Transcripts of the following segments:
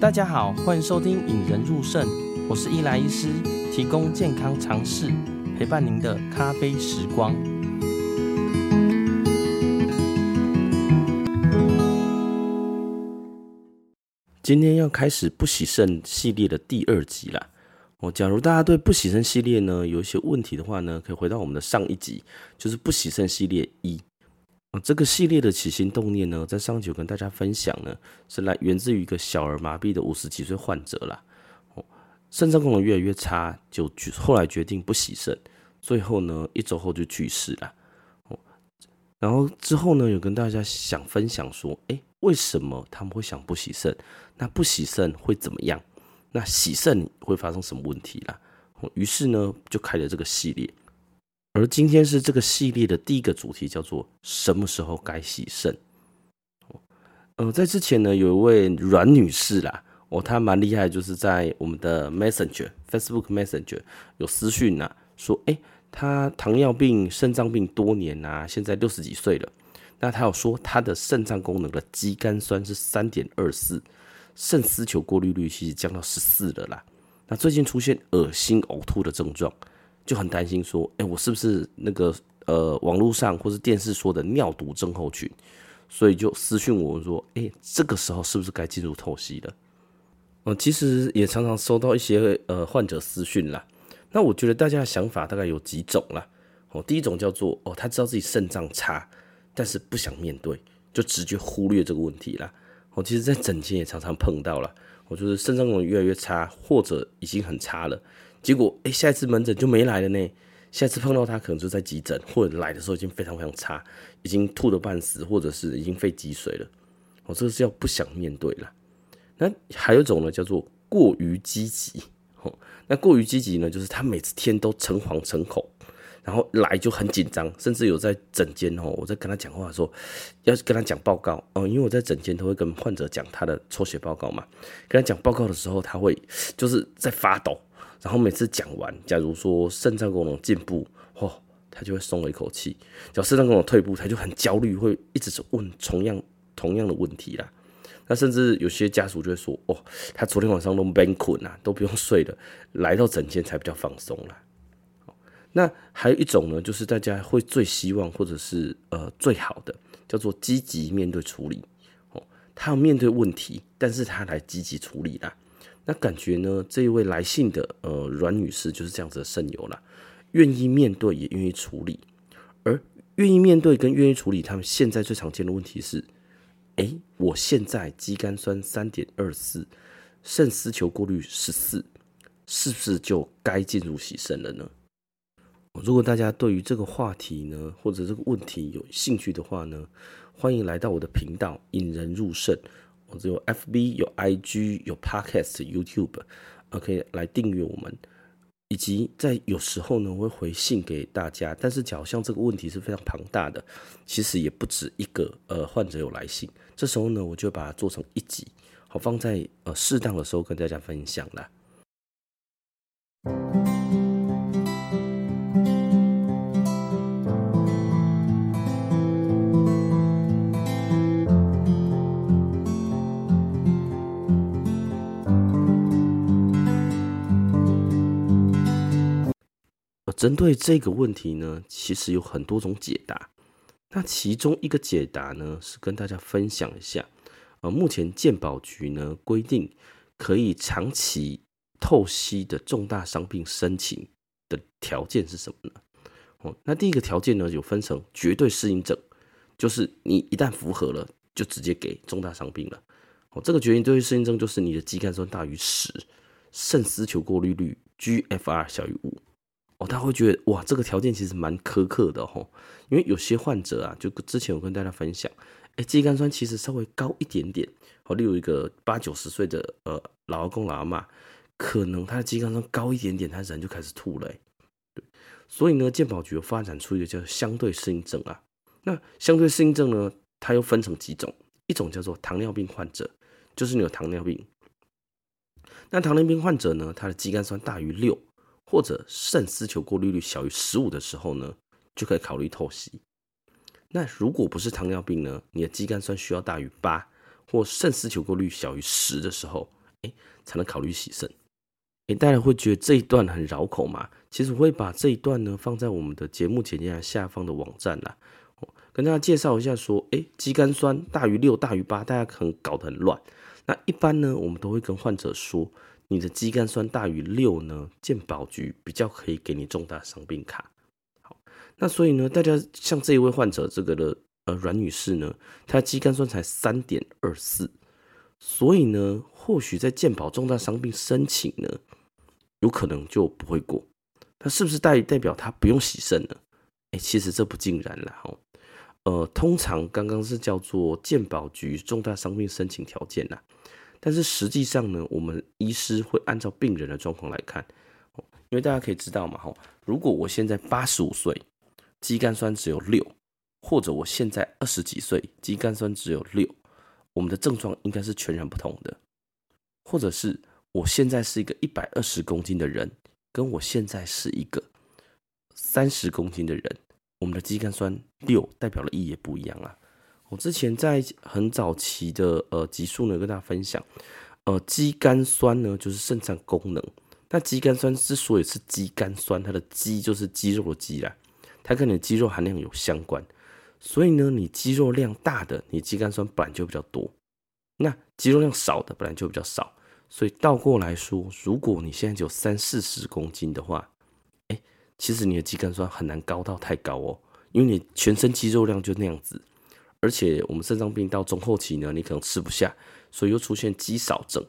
大家好，歡迎收聽《引人入腎》，我是伊萊醫師，提供健康常識，陪伴您的咖啡時光。今天要開始不洗腎系列的第二集啦。我、哦、假如大家對不洗腎系列呢有一些問題的話呢，可以回到我們的上一集，就是不洗腎系列一。這個系列的起心動念呢，在上集有跟大家分享呢，是來源自於一個小兒麻痹的五十幾歲患者啦。哦，腎臟功能越來越差，就後來決定不洗腎，最後呢一周後就去世了。哦，然後之後呢，有跟大家想分享說，哎，為什麼他們會想不洗腎？那不洗腎會怎麼樣？那洗腎會發生什麼問題啦？哦，於是呢，就開了這個系列。而今天是這個系列的第一個主題，叫做“什麼時候該洗腎”。呃，在之前呢，有一位阮女士啦，哦，她蠻厲害，就是在我們的 Messenger、Facebook Messenger 有私訊吶，說，欸，誒，她糖尿病、腎臟病多年啊，現在六十幾歲了。那她有說，她的腎臟功能的肌酐酸是三點二四，腎絲球過濾率其實降到十四了啦。那最近出現噁心、嘔吐的症狀。就很擔心說，哎、欸，我是不是那個呃網絡上或是電視說的尿毒症候群？所以就私訊我說，哎、欸，這個時候是不是該進入透析了？哦、呃，其實也常常收到一些呃患者私訊啦。那我覺得大家的想法大概有幾種啦。哦、呃，第一種叫做哦、呃，他知道自己腎臟差，但是不想面對，就直接忽略這個問題啦。我、呃、其實，在診間也常常碰到了，我、呃、就是腎臟功能越來越差，或者已經很差了。結果，哎、欸，下一次門診就沒來了呢。下一次碰到他，可能就在急診，或者來的時候已經非常非常差，已經吐得半死，或者是已經肺積水了。我、哦、這個是要不想面對了。那還有一種呢，叫做過於積極。哦，那過於積極呢，就是他每次天都誠惶誠恐，然後來就很緊張，甚至有在診間哦，我在跟他講話的時候，要跟他講報告哦，因為我在診間都會跟患者講他的抽血報告嘛。跟他講報告的時候，他會就是在發抖。然後每次講完，假如說腎臟功能進步，嚯、哦，他就會鬆了一口氣。假如腎臟功能退步，他就很焦慮，會一直問同樣同樣的問題啦。那甚至有些家屬就會說：“哦，他昨天晚上都沒困，都不用睡了，來到診間才比較放鬆啦。”那還有一種呢，就是大家會最希望或者是、呃、最好的，叫做積極面對處理。哦，他要面對問題，但是他來積極處理啦。那感覺呢？這一位來信的呃阮女士就是這樣子的腎友啦，願意面對也願意處理，而願意面對跟願意處理，他們現在最常見的問題是：哎、欸，我現在肌酐酸三點二四，腎絲球過濾十四，是不是就該進入洗腎了呢？如果大家對於這個話題呢，或者這個問題有興趣的話呢，歡迎來到我的頻道，引人入腎。我只有 FB，有 IG，有 Podcast，YouTube，OK，OK，來訂閱我們，以及在有時候呢，我會回信給大家。但是好像這個問題是非常龐大的，其實也不止一個呃患者有來信。這時候呢，我就把它做成一集，好放在呃適當的時候跟大家分享啦。針對這個問題呢，其實有很多種解答。那其中一個解答呢，是跟大家分享一下。呃，目前健保局呢規定，可以長期透析的重大傷病申請的條件是什麼呢？哦，那第一個條件呢，有分成絕對適應症，就是你一旦符合了，就直接給重大傷病了。哦，這個絕對適應症就是你的肌酐酸大於十，腎絲球過濾率 GFR 小於五。他會覺得哇，這個條件其實蠻苛刻的吼，因為有些患者啊，就之前我跟大家分享，哎，肌酐酸其實稍微高一點點哦，例如一個八九十歲的呃老阿公老阿嬤，可能他的肌酐酸高一點點，他人就開始吐了，欸，對。所以呢，健保局有發展出一個叫相對適應症啊，那相對適應症呢，它又分成幾種，一種叫做糖尿病患者，就是你有糖尿病，那糖尿病患者呢，他的肌酐酸大於六，或者腎絲球過濾率小於十五的時候呢，就可以考慮透析。那如果不是糖尿病呢，你的肌酐酸需要大於八或腎絲球過濾率小於十的時候，欸，才能考慮洗腎。欸，大家會覺得這一段很繞口嗎？其實我會把這一段呢放在我們的節目簡介下方的網站吶，跟大家介紹一下說，哎、欸，肌酐酸大於六大於八，大家可能搞得很亂。那一般呢，我們都會跟患者說。你的肌酐酸大於六呢，健保局比較可以給你重大傷病卡。好，那所以呢，大家像這一位患者這個的呃阮女士呢，她肌酐酸才三點二四，所以呢，或許在健保重大傷病申請呢，有可能就不會過。那是不是代代表她不用洗腎呢？哎、欸，其實這不盡然了哦。呃，通常剛剛是叫做健保局重大傷病申請條件啦、啊。但是實際上呢，我們醫師會按照病人的狀況來看，因為大家可以知道嘛，吼，如果我現在八十五歲，肌酐酸只有六，或者我現在二十幾歲，肌酐酸只有六，我們的症狀應該是全然不同的。或者是我現在是一個一百二十公斤的人，跟我現在是一個三十公斤的人，我們的肌酐酸六代表的意義也不一樣啊。我之前在很早期的呃集數呢，跟大家分享，呃，肌酐酸呢，就是腎臟功能。那肌酐酸之所以是肌酐酸，它的肌就是肌肉的肌啦，它跟你的肌肉含量有相關。所以呢，你肌肉量大的，你肌酐酸本來就比較多；那肌肉量少的，本來就比較少。所以倒過來說，如果你現在只有三四十公斤的話，欸，其實你的肌酐酸很難高到太高哦、喔，因為你全身肌肉量就那樣子。而且我們腎臟病到中後期呢，你可能吃不下，所以又出現肌少症。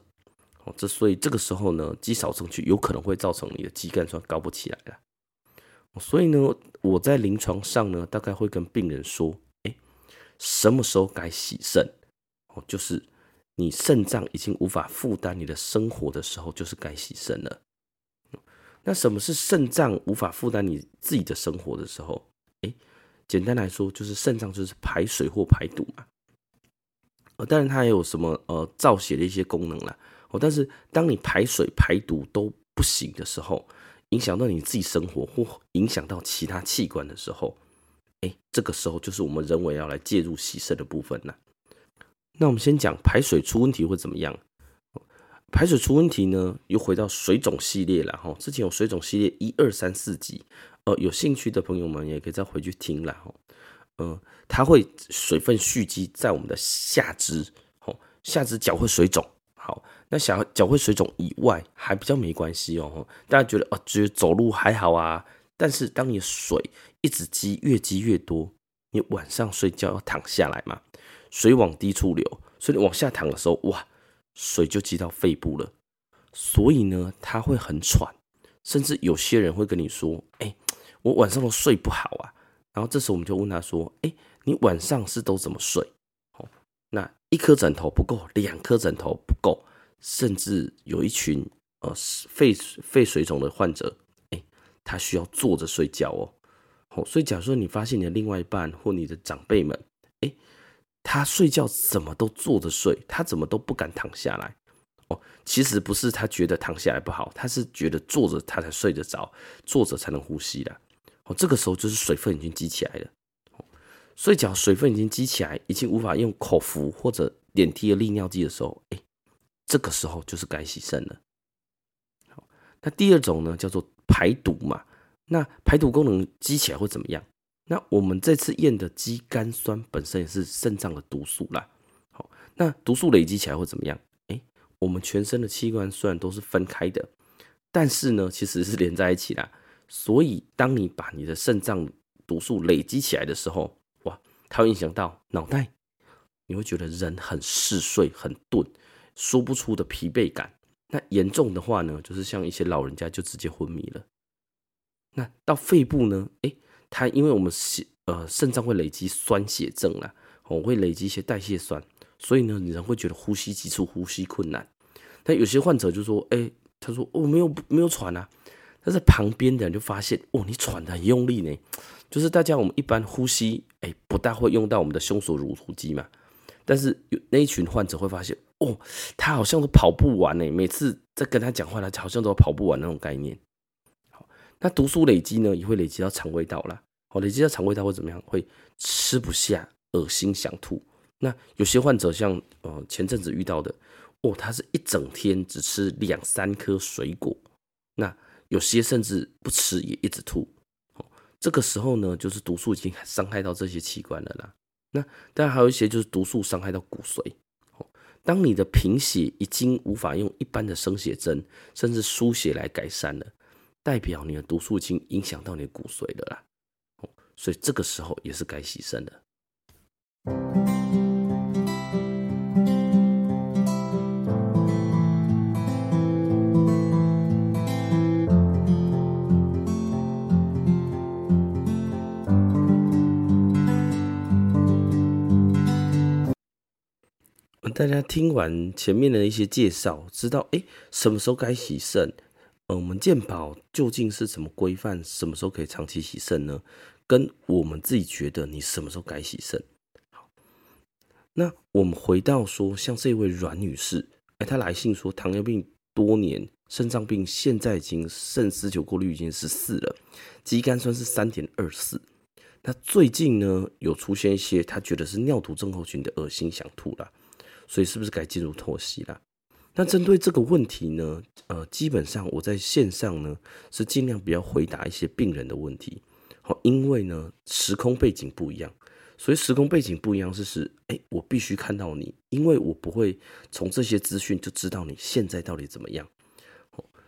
好，這所以這個時候呢，肌少症就有可能會造成你的肌酐酸高不起來了。所以呢，我在臨床上呢，大概會跟病人說，哎，什麼時候該洗腎？哦，就是你腎臟已經無法負擔你的生活的時候，就是該洗腎了。那什麼是腎臟無法負擔你自己的生活的時候？哎？簡單來說，就是腎臟就是排水或排毒嘛，呃，當然它還有什麼呃造血的一些功能啦。哦，但是當你排水排毒都不行的時候，影響到你自己生活或影響到其他器官的時候，哎、欸，這個時候就是我們人為要來介入洗腎的部分了。那我們先講排水出問題會怎麼樣？排水出問題呢，又回到水腫系列了吼。之前有水腫系列一二三四集，呃，有興趣的朋友們也可以再回去聽了吼。嗯、呃，它會水分蓄積在我們的下肢，吼、哦，下肢腳會水腫。好，那小腳會水腫以外，還比較沒關係哦。大家覺得啊、哦，覺得走路還好啊。但是當你水一直積，越積越多，你晚上睡覺要躺下來嘛，水往低處流，所以你往下躺的時候，哇。水就積到肺部了，所以呢，他會很喘，甚至有些人會跟你說：“哎，我晚上都睡不好啊。”然後這時候我們就問他說：“哎，你晚上是都怎麼睡？”哦，那一顆枕頭不夠，兩顆枕頭不夠，甚至有一群呃肺肺水腫的患者，哎，他需要坐着睡覺哦。哦，所以假如說你發現你的另外一半或你的長輩們。他睡覺怎麼都坐着睡，他怎麼都不敢躺下來。哦，其實不是他覺得躺下來不好，他是覺得坐着他才睡得着，坐着才能呼吸的。哦，這個時候就是水分已經積起來了。所以水分已經積起來，已經無法用口服或者點滴的利尿劑的時候，哎，這個時候就是該洗腎了。好，那第二種呢，叫做排毒嘛。那排毒功能積起來會怎麼樣？那我們這次驗的肌酐酸本身也是腎臟的毒素啦。好，那毒素累積起來會怎麼樣？欸，我們全身的器官雖然都是分開的，但是呢，其實是連在一起的。所以，當你把你的腎臟毒素累積起來的時候，哇，它會影響到腦袋，你會覺得人很嗜睡、很鈍，說不出的疲憊感。那嚴重的話呢，就是像一些老人家就直接昏迷了。那到肺部呢？欸他因為我們是呃腎臟會累積酸血症啦，喔、會累積一些代謝酸，所以呢，人會覺得呼吸急促、呼吸困難。但有些患者就說：“哎、欸，他說我、喔、沒有沒有喘啊。”但是旁邊的人就發現：“哦、喔，你喘得很用力呢。”就是大家我們一般呼吸，哎、欸，不大會用到我們的胸鎖乳突肌嘛。但是有那一群患者會發現：“哦、喔，他好像都跑不完呢、欸。”每次在跟他講話，他好像都跑不完那種概念。好，那毒素累積呢，也會累積到腸胃道啦。你知道腸胃道會怎麼樣？會吃不下、噁心、想吐。那有些患者像呃前陣子遇到的，哦，他是一整天只吃兩三顆水果。那有些甚至不吃也一直吐。哦，這個時候呢，就是毒素已經傷害到這些器官了啦。那當然還有一些就是毒素傷害到骨髓。哦，當你的貧血已經無法用一般的生血針甚至輸血來改善了，代表你的毒素已經影響到你的骨髓了啦。所以這個時候也是該洗腎的。大家聽完前面的一些介紹，知道哎、欸、什麼時候該洗腎？我們健保究竟是怎麼規範？什麼時候可以長期洗腎呢？跟我們自己覺得你什麼時候該洗腎？好，那我們回到說，像這位阮女士，哎、欸，她來信說糖尿病多年，腎臟病現在已經腎絲球過濾已經十四了，肌酐酸是三點二四，那最近呢有出現一些她覺得是尿毒症候群的噁心想吐啦，所以是不是該進入透析啦？那針對這個問題呢，呃，基本上我在線上呢是儘量不要回答一些病人的問題。好，因為呢，時空背景不一樣，所以時空背景不一樣是，是是哎，我必須看到你，因為我不會從這些資訊就知道你現在到底怎麼樣。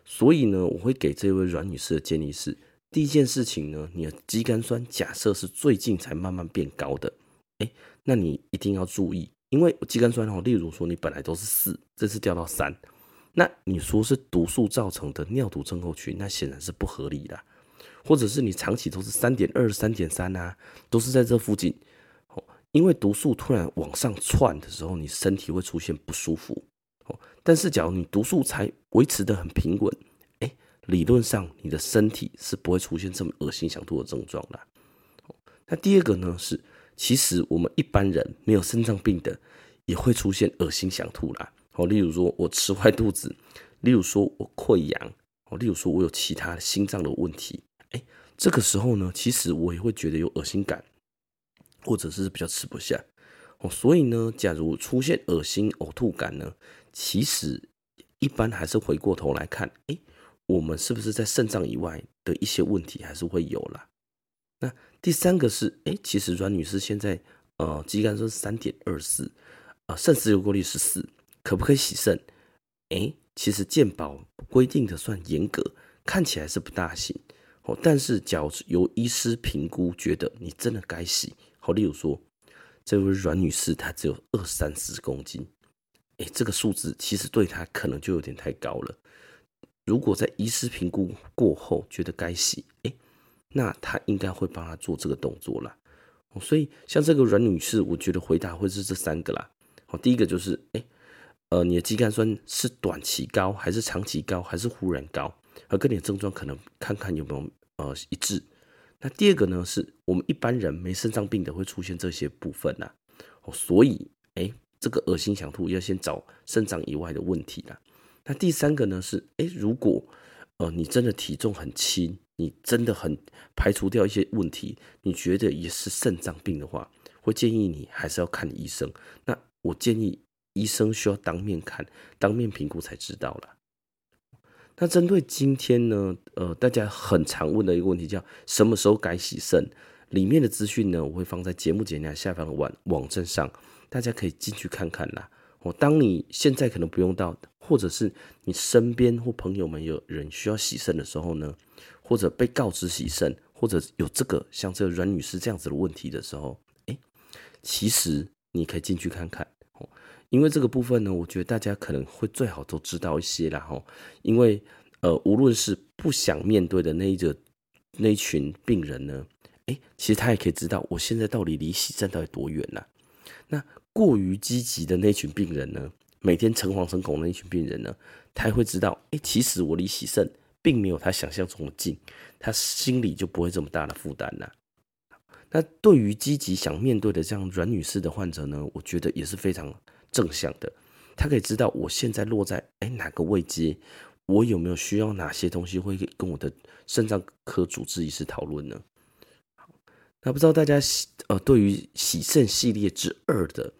所以呢，我會給這位阮女士的建議是：第一件事情呢，你的肌酐酸假設是最近才慢慢變高的，哎、欸，那你一定要注意，因為肌酐酸哦、喔，例如說你本來都是四，這次掉到三，那你說是毒素造成的尿毒症候群，那顯然是不合理的。或者是你長期都是三點二、三點三啊，都是在這附近。哦，因為毒素突然往上竄的時候，你身體會出現不舒服。哦，但是假如你毒素才維持得很平穩、欸，理論上你的身體是不會出現這麼惡心想吐的症狀啦、哦。那第二個呢是，其實我們一般人沒有腎臟病的，也會出現惡心想吐啦，哦，例如說我吃壞肚子，例如說我潰瘍，哦，例如說我有其他心臟的問題。哎，這個時候呢，其實我也會覺得有噁心感，或者是比較吃不下哦。所以呢，假如出現噁心、嘔、呃、吐感呢，其實一般還是回過頭來看，哎，我們是不是在腎臟以外的一些問題還是會有啦。那第三個是，哎，其實阮女士現在呃，肌酐是三點二四，啊，腎絲球過濾是十四，可不可以洗腎？哎，其實健保規定的算嚴格，看起來是不大行。但是，假如由醫師評估，覺得你真的該洗。好，例如說，這位阮女士，她只有二三十公斤，哎，這個數字其實對她可能就有點太高了。如果在醫師評估過後覺得該洗，哎，那她應該會幫她做這個動作啦。所以，像這個阮女士，我覺得回答會是這三個啦。好，第一個就是，哎，呃，你的肌酐酸是短期高，還是長期高，還是忽然高？而跟你的症狀可能看看有沒有，呃，一致。那第二個呢，是我們一般人沒腎臟病的會出現這些部分啦。哦，所以，哎，這個噁心想吐，要先找腎臟以外的問題啦。那第三個呢，是哎，如果，呃，你真的體重很輕，你真的很排除掉一些問題，你覺得也是腎臟病的話，會建議你還是要看醫生。那我建議醫生需要當面看，當面評估才知道啦。那針對今天呢，呃，大家很常問的一個問題叫什麼時候該洗腎，裡面的資訊呢，我會放在節目簡介下方的網網站上，大家可以進去看看啦。我、哦、當你現在可能不用到，或者是你身邊或朋友們有人需要洗腎的時候呢，或者被告知洗腎，或者有這個像這個阮女士這樣子的問題的時候，哎，其實你可以進去看看。哦因為這個部分呢，我覺得大家可能會最好都知道一些然後哈。因為呃，無論是不想面對的那一個那一群病人呢，哎，其實他也可以知道我現在到底離洗腎到底多遠了啊。那過於積極的那群病人呢，每天誠惶誠恐的那群病人呢，他會知道，哎，其實我離洗腎並沒有他想象中的近，他心裡就不會這麼大的負擔了啊。那對於積極想面對的這樣阮女士的患者呢，我覺得也是非常。正向的，他可以知道我現在落在哎、欸、哪個位置，我有沒有需要哪些東西會跟我的腎臟科主治醫師討論呢？好，那不知道大家喜呃對於洗腎系列之二的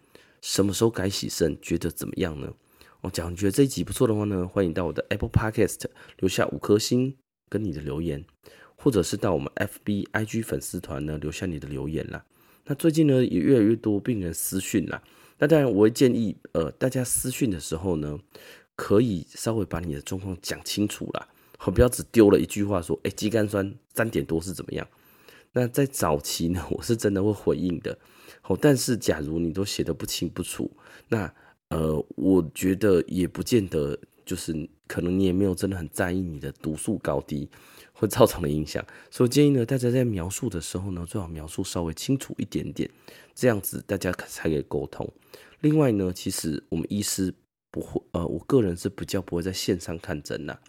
什麼時候該洗腎，覺得怎麼樣呢？我、哦、講，你覺得這一集不錯的話呢，歡迎到我的 Apple Podcast 留下五顆星跟你的留言，或者是到我們 FB IG 粉絲團呢留下你的留言啦。那最近呢也越來越多病人私訊啦。那當然，我會建議，呃，大家私訊的時候呢，可以稍微把你的狀況講清楚了，哦，不要只丟了一句話說，誒，肌酐酸三點多是怎麼樣？那在早期呢，我是真的會回應的，齁，但是假如你都寫得不清不楚，那，呃，我覺得也不見得，就是可能你也沒有真的很在意你的毒素高低。會造成的影響，所以建議呢，大家在描述的時候呢，最好描述稍微清楚一點點，這樣子大家可才可以溝通。另外呢，其實我們醫師不會，呃，我個人是比較不會在線上看診啦，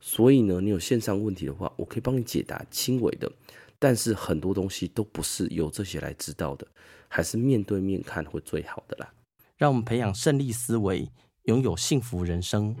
所以呢，你有線上問題的話，我可以幫你解答輕微的，但是很多東西都不是由這些來知道的，還是面對面看會最好的啦。讓我們培養腎利思維，擁有幸福人生。